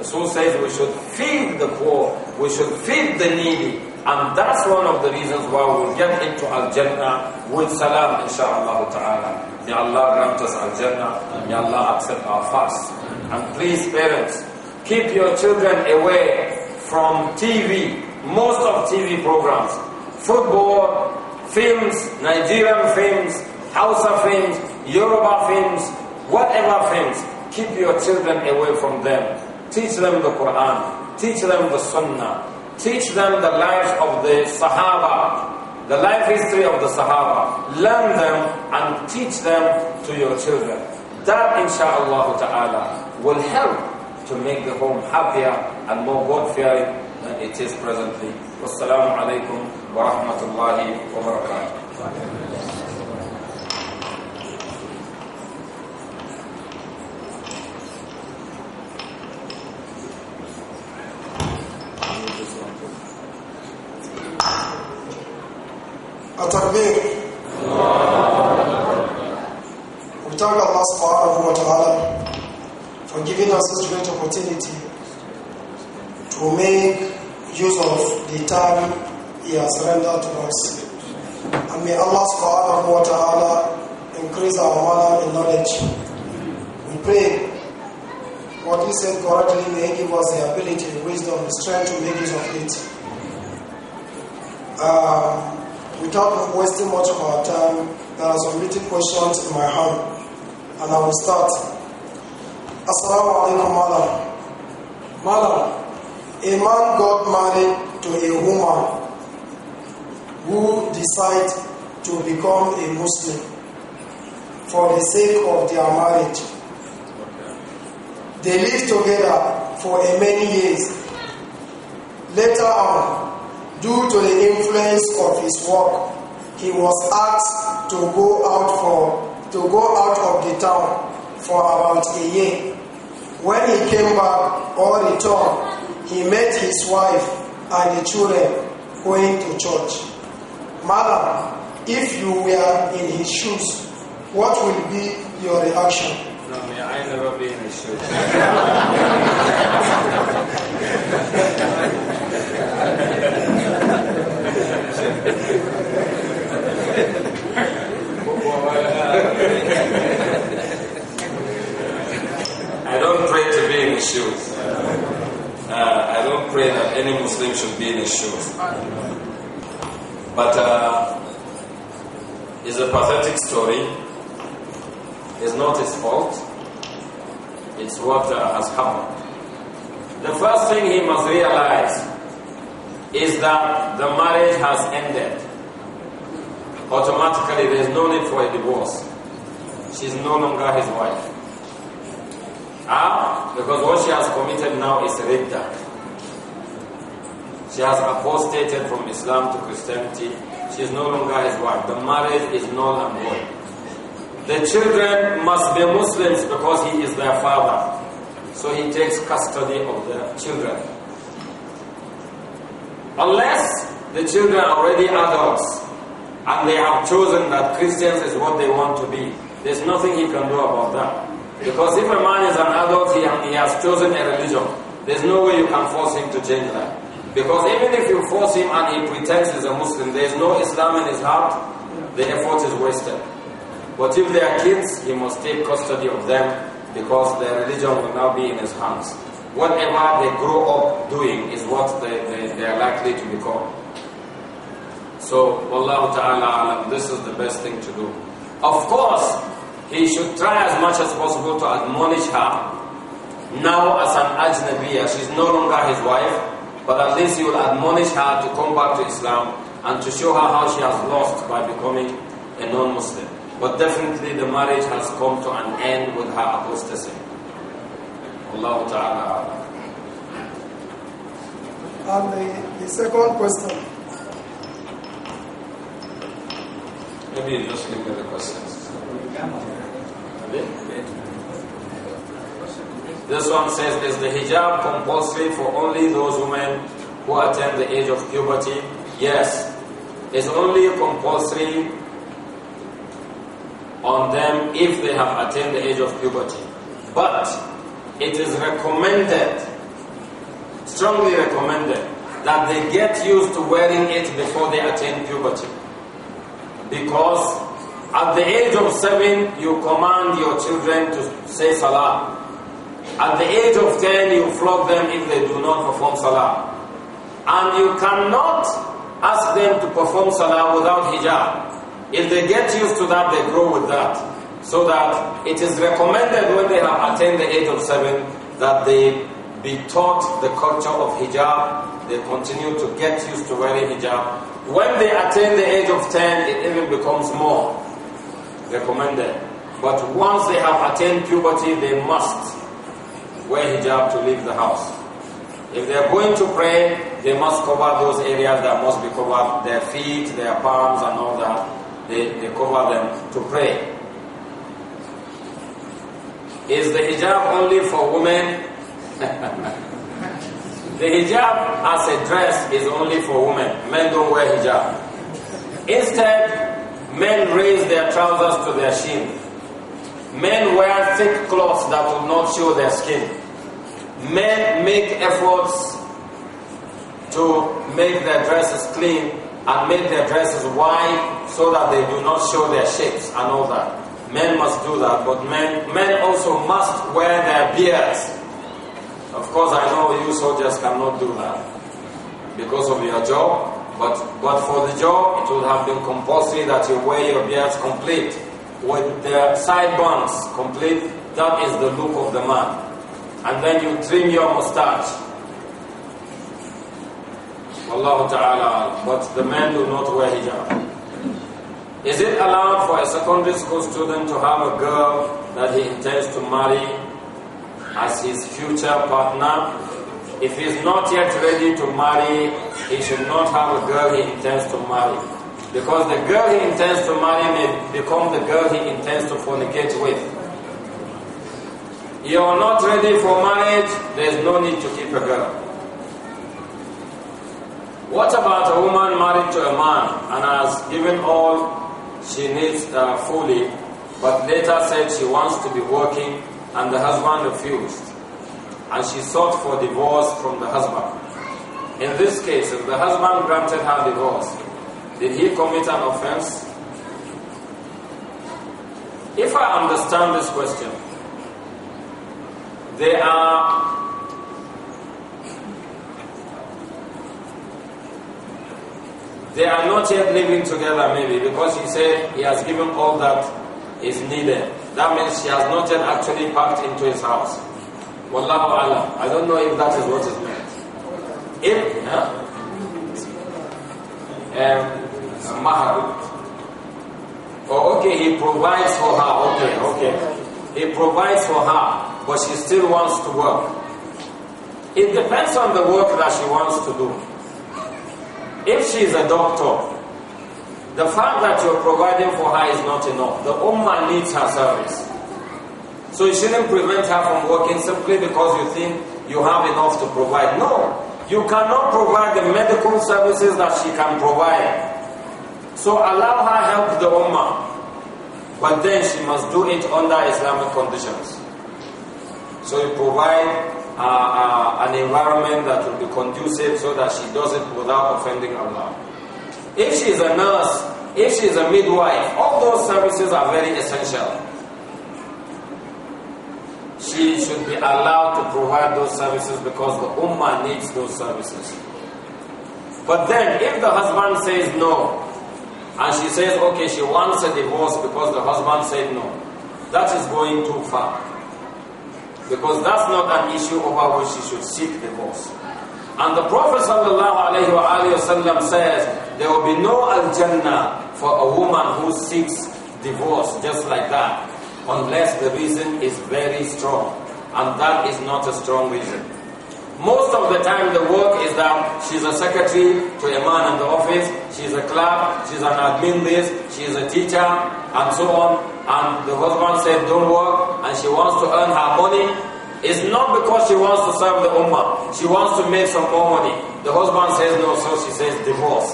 Rasul says we should feed the poor we should feed the needy and that's one of the reasons why we'll get into Al-Jannah with salam inshaAllah ta'ala may Allah grant us Al-Jannah may Allah accept our fast and please parents, keep your children away from TV, most of TV programs, football, films, Nigerian films, Hausa films, Yoruba films, whatever films. Keep your children away from them. Teach them the Quran. Teach them the Sunnah. Teach them the lives of the Sahaba, the life history of the Sahaba. Learn them and teach them to your children. That, inshallah ta'ala, will help to make the home happier and more God-fearing than it is presently. Wassalamu alaikum wa rahmatullahi wa barakatuh. pathetic story is not his fault, it's what uh, has happened. The first thing he must realize is that the marriage has ended. Automatically, there is no need for a divorce. She's no longer his wife. Ah, because what she has committed now is ridda. She has apostated from Islam to Christianity she is no longer his wife. The marriage is null and void. The children must be Muslims because he is their father. So he takes custody of the children. Unless the children are already adults and they have chosen that Christians is what they want to be, there's nothing he can do about that. Because if a man is an adult, he, he has chosen a religion. There's no way you can force him to change that. Because even if you force him and he pretends he's a Muslim, there is no Islam in his heart, the effort is wasted. But if they are kids, he must take custody of them because their religion will now be in his hands. Whatever they grow up doing is what they, they, they are likely to become. So, Wallahu ta'ala alam, this is the best thing to do. Of course, he should try as much as possible to admonish her. Now as an ajnabiya, she's no longer his wife, but at least you will admonish her to come back to Islam and to show her how she has lost by becoming a non-Muslim. But definitely the marriage has come to an end with her apostasy. Allah Ta'ala. And the, the second question. Maybe just give me the questions. This one says, is the hijab compulsory for only those women who attain the age of puberty? Yes. It's only compulsory on them if they have attained the age of puberty. But it is recommended, strongly recommended, that they get used to wearing it before they attain puberty. Because at the age of seven, you command your children to say salah. At the age of 10, you flog them if they do not perform salah. And you cannot ask them to perform salah without hijab. If they get used to that, they grow with that. So that it is recommended when they have attained the age of 7 that they be taught the culture of hijab. They continue to get used to wearing hijab. When they attain the age of 10, it even becomes more recommended. But once they have attained puberty, they must wear hijab to leave the house. If they are going to pray, they must cover those areas that must be covered, their feet, their palms and all that. They, they cover them to pray. Is the hijab only for women? the hijab as a dress is only for women. Men don't wear hijab. Instead, men raise their trousers to their shin. Men wear thick cloths that will not show their skin men make efforts to make their dresses clean and make their dresses wide so that they do not show their shapes and all that. Men must do that, but men, men also must wear their beards. Of course, I know you soldiers cannot do that because of your job, but, but for the job, it would have been compulsory that you wear your beards complete with the sideburns complete. That is the look of the man and then you trim your mustache. Wallahu ta'ala, but the men do not wear hijab. Is it allowed for a secondary school student to have a girl that he intends to marry as his future partner? If he is not yet ready to marry, he should not have a girl he intends to marry. Because the girl he intends to marry may become the girl he intends to fornicate with. You are not ready for marriage, there is no need to keep a girl. What about a woman married to a man and has given all she needs uh, fully, but later said she wants to be working and the husband refused, and she sought for divorce from the husband? In this case, if the husband granted her divorce, did he commit an offense? If I understand this question, they are they are not yet living together maybe because he said he has given all that is needed. That means she has not yet actually packed into his house. Wallahu I don't know if that is what is meant. If, yeah. Um, mahar. Oh, okay, he provides for her. Okay, okay. He provides for her but she still wants to work. It depends on the work that she wants to do. If she is a doctor, the fact that you're providing for her is not enough. The ummah needs her service. So you shouldn't prevent her from working simply because you think you have enough to provide. No, you cannot provide the medical services that she can provide. So allow her help the ummah. But then she must do it under Islamic conditions. So you provide uh, uh, an environment that will be conducive so that she does it without offending Allah. If she is a nurse, if she is a midwife, all those services are very essential. She should be allowed to provide those services because the ummah needs those services. But then, if the husband says no, and she says, okay, she wants a divorce because the husband said no, that is going too far. Because that's not an issue over which she should seek divorce. And the Prophet him, says, there will be no al-Jannah for a woman who seeks divorce just like that, unless the reason is very strong. And that is not a strong reason. Most of the time the work is that she's a secretary to a man in the office, she's a clerk, she's an admin this, she's a teacher, and so on and the husband said, don't work, and she wants to earn her money, it's not because she wants to serve the ummah. She wants to make some more money. The husband says no, so she says divorce.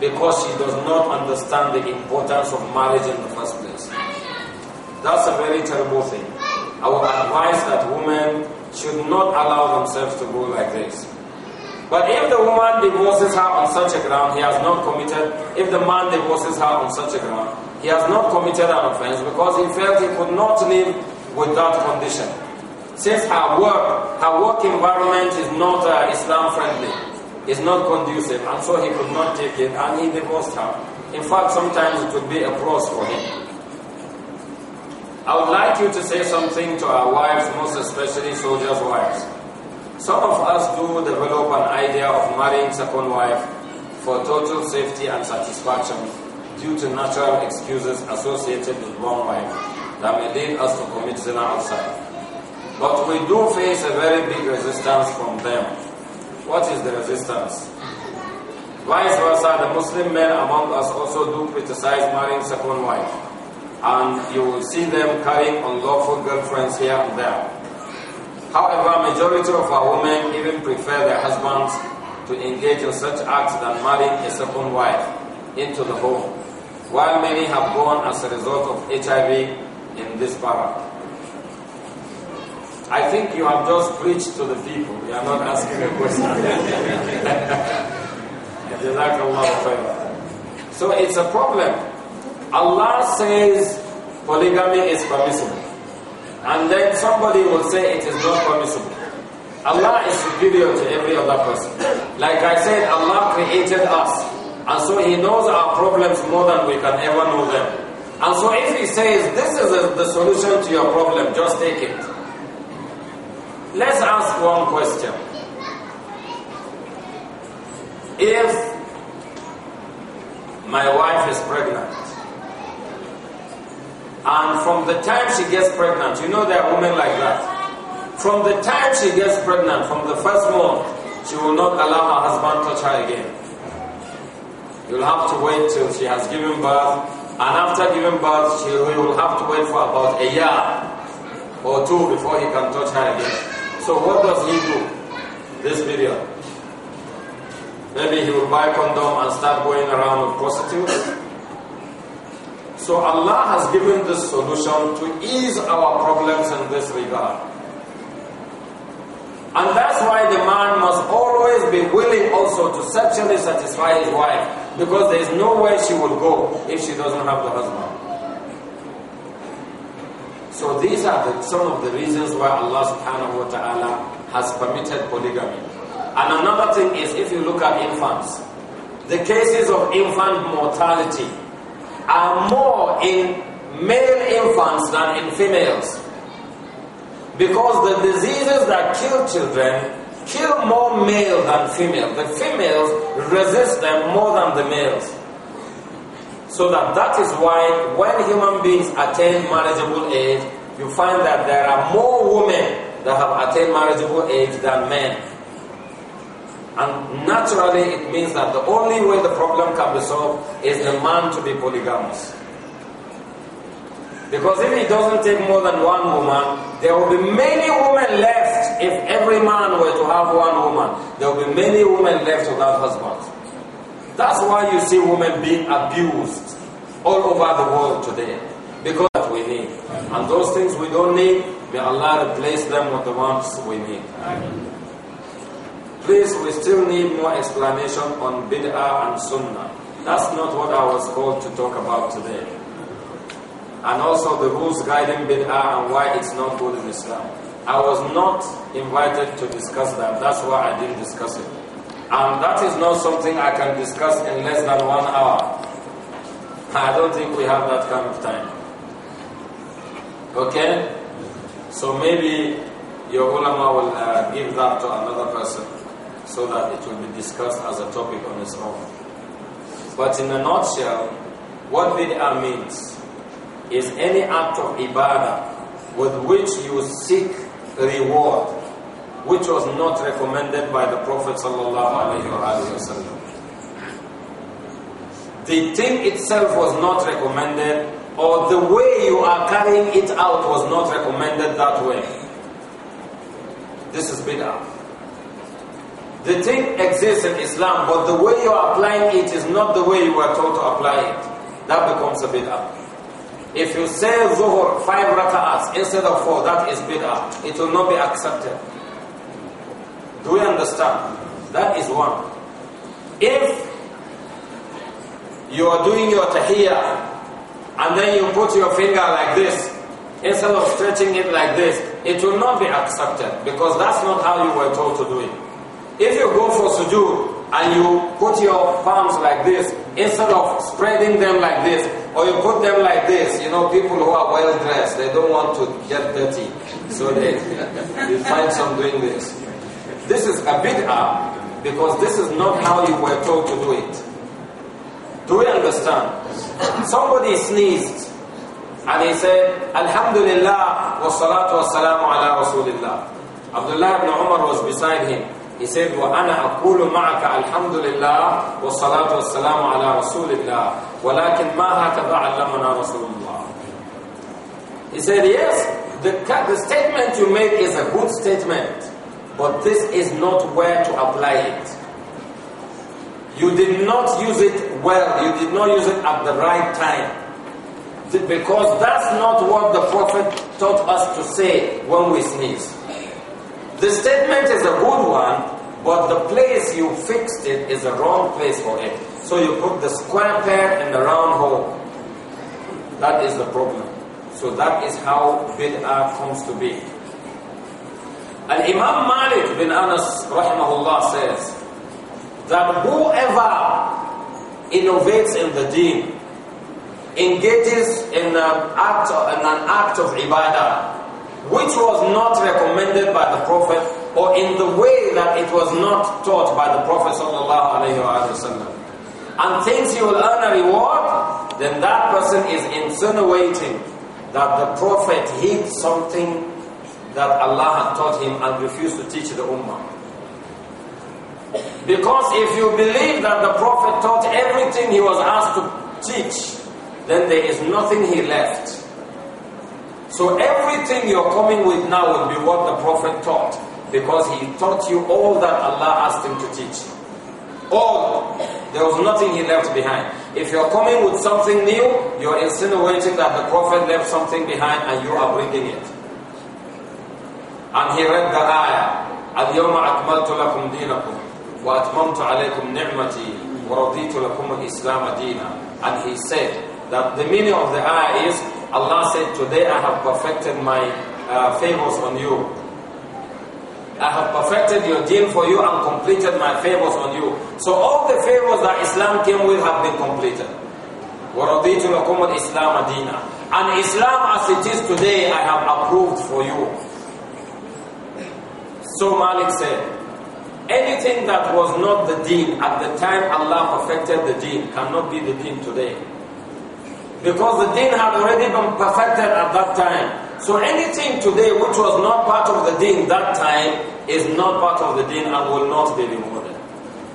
Because she does not understand the importance of marriage in the first place. That's a very terrible thing. I would advise that women should not allow themselves to go like this. But if the woman divorces her on such a ground, he has not committed. If the man divorces her on such a ground, he has not committed an offense because he felt he could not live with that condition. Since her work, her work environment is not uh, Islam friendly, is not conducive, and so he could not take it, and he divorced her. In fact, sometimes it would be a cross for him. I would like you to say something to our wives, most especially soldiers' wives. Some of us do develop an idea of marrying second wife for total safety and satisfaction due to natural excuses associated with one wife that may lead us to commit sin outside. But we do face a very big resistance from them. What is the resistance? Vice versa, the Muslim men among us also do criticize marrying second wife. And you will see them carrying unlawful girlfriends here and there. However, majority of our women even prefer their husbands to engage in such acts than marrying a second wife into the home while many have gone as a result of HIV in this para. I think you have just preached to the people. You are not asking a question. so it's a problem. Allah says polygamy is permissible. And then somebody will say it is not permissible. Allah is superior to every other person. Like I said, Allah created us. And so he knows our problems more than we can ever know them. And so if he says, this is the solution to your problem, just take it. Let's ask one question. If my wife is pregnant, and from the time she gets pregnant, you know there are women like that. From the time she gets pregnant, from the first month, she will not allow her husband touch her again. You'll have to wait till she has given birth. And after giving birth, she will have to wait for about a year or two before he can touch her again. So what does he do this video. Maybe he will buy condom and start going around with prostitutes. So Allah has given this solution to ease our problems in this regard. And that's why the man must always be willing also to sexually satisfy his wife. Because there is nowhere she will go if she doesn't have the husband. So these are the, some of the reasons why Allah subhanahu wa ta'ala has permitted polygamy. And another thing is if you look at infants, the cases of infant mortality are more in male infants than in females. Because the diseases that kill children kill more males than females. The females resist them more than the males. So that that is why when human beings attain marriageable age, you find that there are more women that have attained marriageable age than men. And naturally, it means that the only way the problem can be solved is the man to be polygamous. Because if he doesn't take more than one woman, there will be many women left if every man were to have one woman. There will be many women left without husbands. That's why you see women being abused all over the world today. Because that we need. And those things we don't need, may Allah replace them with the ones we need. Please, we still need more explanation on bid'ah and sunnah. That's not what I was called to talk about today and also the rules guiding bid'ah and why it's not good in Islam. I was not invited to discuss that. That's why I didn't discuss it. And that is not something I can discuss in less than one hour. I don't think we have that kind of time. Okay? So maybe your ulama will uh, give that to another person so that it will be discussed as a topic on its own. But in a nutshell, what bid'ah means is any act of ibadah with which you seek reward which was not recommended by the Prophet ﷺ. The thing itself was not recommended or the way you are carrying it out was not recommended that way. This is bid'ah. The thing exists in Islam, but the way you are applying it is not the way you were taught to apply it. That becomes a bid'ah. If you say Zuhur five rak'ahs instead of four, that is bid'ah. It will not be accepted. Do we understand? That is one. If you are doing your tahiyyah and then you put your finger like this, instead of stretching it like this, it will not be accepted because that's not how you were told to do it. If you go for sujood and you put your palms like this, instead of spreading them like this, or you put them like this, you know, people who are well dressed, they don't want to get dirty. So they, find some doing this. This is a up because this is not how you were told to do it. Do we understand? Somebody sneezed and he said, Alhamdulillah wa salatu wa salamu ala Rasulillah. Abdullah ibn Umar was beside him he said, وَأَنَا أَقُولُ مَعَكَ الْحَمْدُ لِلَّهِ وَالصَّلَاةُ وَالسَّلَامُ عَلَى رَسُولِ اللَّهِ وَلَكِنْ مَا هَكَذَا عَلَّمَنَا رَسُولُ اللَّهِ He said, yes, the, the statement you make is a good statement, but this is not where to apply it. You did not use it well. You did not use it at the right time. Because that's not what the Prophet taught us to say when we sneeze. The statement is a good one, but the place you fixed it is the wrong place for it. So you put the square pair in the round hole. That is the problem. So that is how bid'ah comes to be. And Imam Malik bin Anas rahimahullah says that whoever innovates in the deen, engages in an act of, in an act of ibadah, which was not recommended by the Prophet or in the way that it was not taught by the Prophet and thinks he will earn a reward, then that person is insinuating that the Prophet hid something that Allah had taught him and refused to teach the Ummah. Because if you believe that the Prophet taught everything he was asked to teach, then there is nothing he left. So everything you're coming with now will be what the Prophet taught because he taught you all that Allah asked him to teach. All. There was nothing he left behind. If you're coming with something new, you're insinuating that the Prophet left something behind and you are bringing it. And he read the ayah, الْيَوْمَ أَكْمَلْتُ لَكُمْ دِينَكُمْ وَأَتْمَمْتُ عَلَيْكُمْ نِعْمَتِي وَرَضِيتُ لَكُمُ الْإِسْلَامَ دِينًا And he said that the meaning of the ayah is, Allah said, today I have perfected my uh, favors on you I have perfected your deen for you and completed my favors on you. So all the favors that Islam came with have been completed. وَرَضِيتُ لَكُمُ الْإِسْلَامَ دِينًا And Islam as it is today, I have approved for you. So Malik said, anything that was not the deen at the time Allah perfected the deen cannot be the deen today. Because the deen had already been perfected at that time. So anything today which was not part of the deen that time is not part of the deen and will not be rewarded.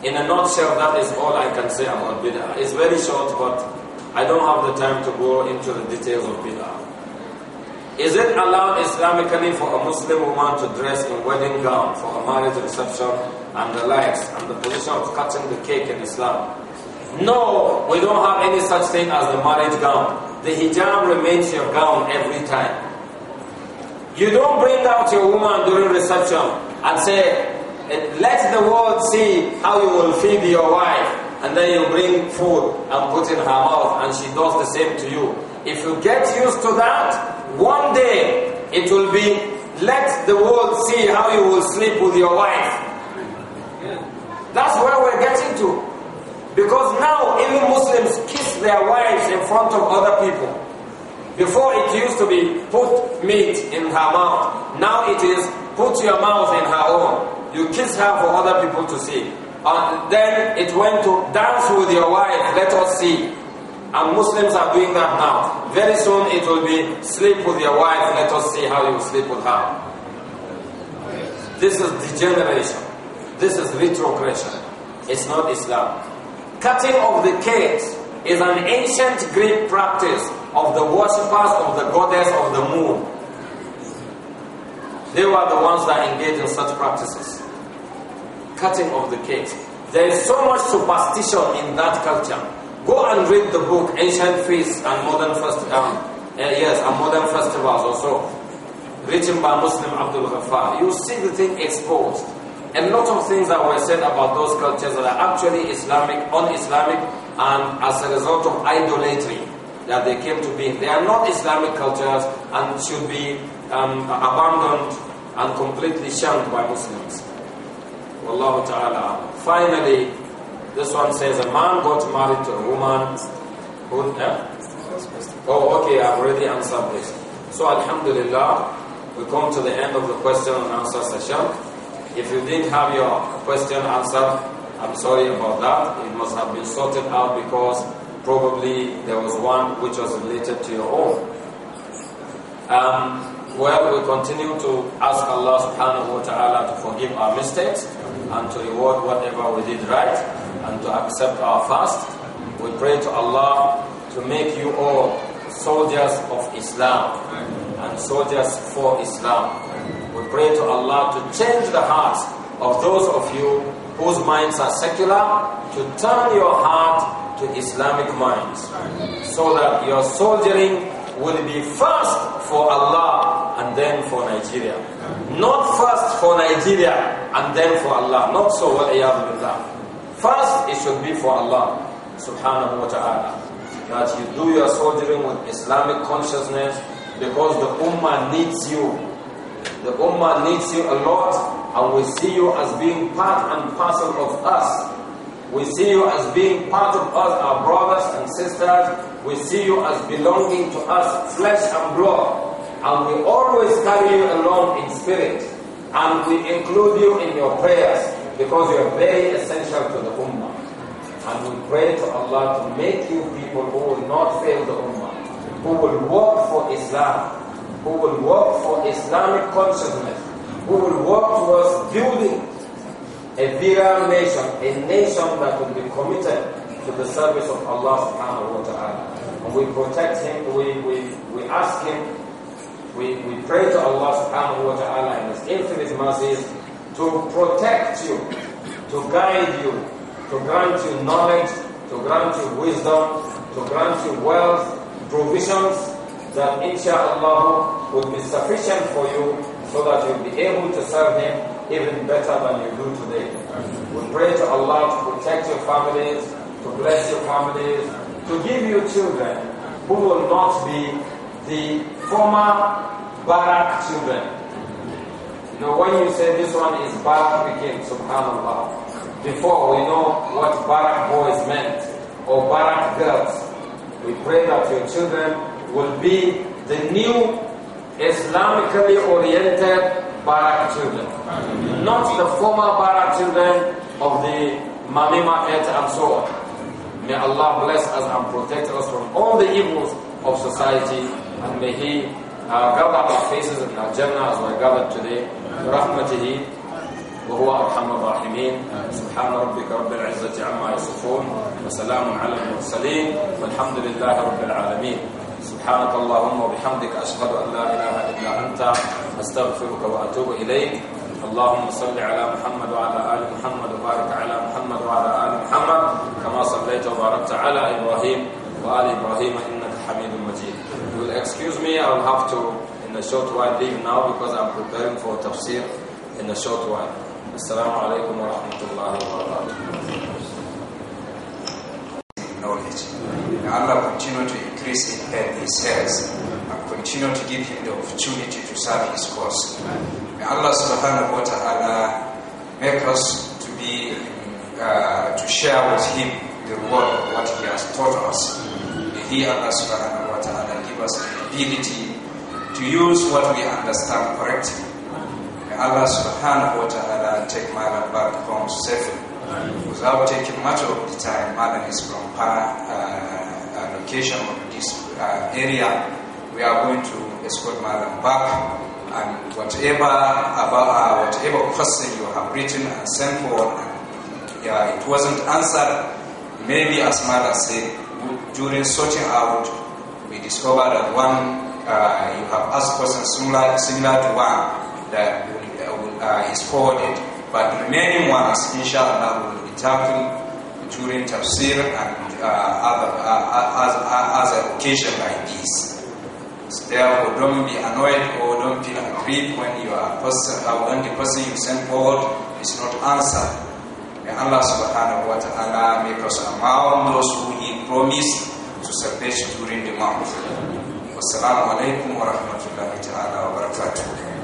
In a nutshell, that is all I can say about bid'ah. It's very short, but I don't have the time to go into the details of bid'ah. Is it allowed Islamically for a Muslim woman to dress in wedding gown for a marriage reception and the likes and the position of cutting the cake in Islam? No, we don't have any such thing as the marriage gown. The hijab remains your gown every time. You don't bring out your woman during reception and say, eh, let the world see how you will feed your wife. And then you bring food and put in her mouth and she does the same to you. If you get used to that, one day it will be, let the world see how you will sleep with your wife. That's where we're getting to. Because now even Muslims kiss their wives in front of other people. Before it used to be put meat in her mouth. Now it is put your mouth in her own. You kiss her for other people to see. And then it went to dance with your wife, let us see. And Muslims are doing that now. Very soon it will be sleep with your wife, let us see how you sleep with her. This is degeneration. This is retrogression. It's not Islam. Cutting of the cake is an ancient Greek practice of the worshippers of the goddess of the moon they were the ones that engaged in such practices. Cutting of the cake. There is so much superstition in that culture. Go and read the book Ancient Feasts and Modern Fest uh, yes, and Modern Festivals also, written by Muslim Abdul Ghaffar. You see the thing exposed. A lot of things that were said about those cultures that are actually Islamic, un-Islamic, and as a result of idolatry that they came to be. They are not Islamic cultures and should be um, abandoned and completely shunned by Muslims. Wallahu ta'ala. Finally, this one says a man got married to a woman who, eh? Oh, okay, I've already answered this. So, Alhamdulillah, we come to the end of the question and answer session. If you didn't have your question answered, I'm sorry about that. It must have been sorted out because probably there was one which was related to your own. Um, well, we continue to ask Allah subhanahu wa ta'ala to forgive our mistakes and to reward whatever we did right and to accept our fast. We pray to Allah to make you all soldiers of Islam and soldiers for Islam. We pray to Allah to change the hearts of those of you whose minds are secular to turn your heart to Islamic minds so that your soldiering will be fast for Allah for Nigeria. Not first for Nigeria and then for Allah. Not so, billah. First, it should be for Allah subhanahu wa ta'ala. That you do your soldiering with Islamic consciousness because the Ummah needs you. The Ummah needs you a lot and we see you as being part and parcel of us. We see you as being part of us, our brothers and sisters. We see you as belonging to us, flesh and blood and we always carry you along in spirit and we include you in your prayers because you are very essential to the Ummah. And we pray to Allah to make you people who will not fail the Ummah, who will work for Islam, who will work for Islamic consciousness, who will work towards building a virile nation, a nation that will be committed to the service of Allah subhanahu wa ta'ala. And we protect him, we, we, we ask him we, we pray to Allah subhanahu wa ta'ala in His infinite mercies to protect you, to guide you, to grant you knowledge, to grant you wisdom, to grant you wealth, provisions that insha'Allah would be sufficient for you so that you'll be able to serve Him even better than you do today. We pray to Allah to protect your families, to bless your families, to give you children who will not be the former barak children. You know, when you say this one is barak became, subhanAllah. Before we know what barak boys meant or barak girls, we pray that your children will be the new Islamically oriented barak children. Not the former barak children of the Mamima et and so on. May Allah bless us and protect us from all the evils of society and may He uh, cover our faces in our Jannah as we are gathered today. برحمته وهو أرحم الراحمين سبحان ربك رب العزة عما يصفون وسلام على المرسلين والحمد لله رب العالمين سبحانك اللهم وبحمدك أشهد أن لا إله إلا أنت أستغفرك وأتوب إليك اللهم صل على محمد وعلى آل محمد وبارك على محمد وعلى آل محمد كما صليت وباركت على إبراهيم وآل إبراهيم إن excuse me, I'll have to, in a short while, leave now because I'm preparing for tafsir in a short while. Assalamu alaikum wa rahmatullahi wa barakatuh. Knowledge. Allah continue to increase in his health and continue to give him the opportunity to serve his cause. May Allah subhanahu wa ta'ala make us to be, uh, to share with him the reward of what he has taught us. May he, Allah subhanahu Ability to use what we understand correctly. May Allah subhanahu wa ta'ala take Malan back home safely. Without taking much of the time, Malan is from Para uh, uh, location of this uh, area. We are going to escort Malan back and whatever about uh, whatever question you have written and sent for, yeah, it wasn't answered. Maybe as Mala said, during sorting out we discover that one, uh, you have asked person similar, similar to one that called uh, uh, is forwarded. But remaining ones, inshallah, will be tackled during tafsir and uh, other, uh, uh as, uh, as occasion like this. So therefore, don't be annoyed or don't feel aggrieved when you are person, uh, when the person you send forward is not answered. May Allah subhanahu wa ta'ala make us among those who He promised to submit during the month. Wassalamu alaikum wa rahmatullahi ta'ala wa barakatuh.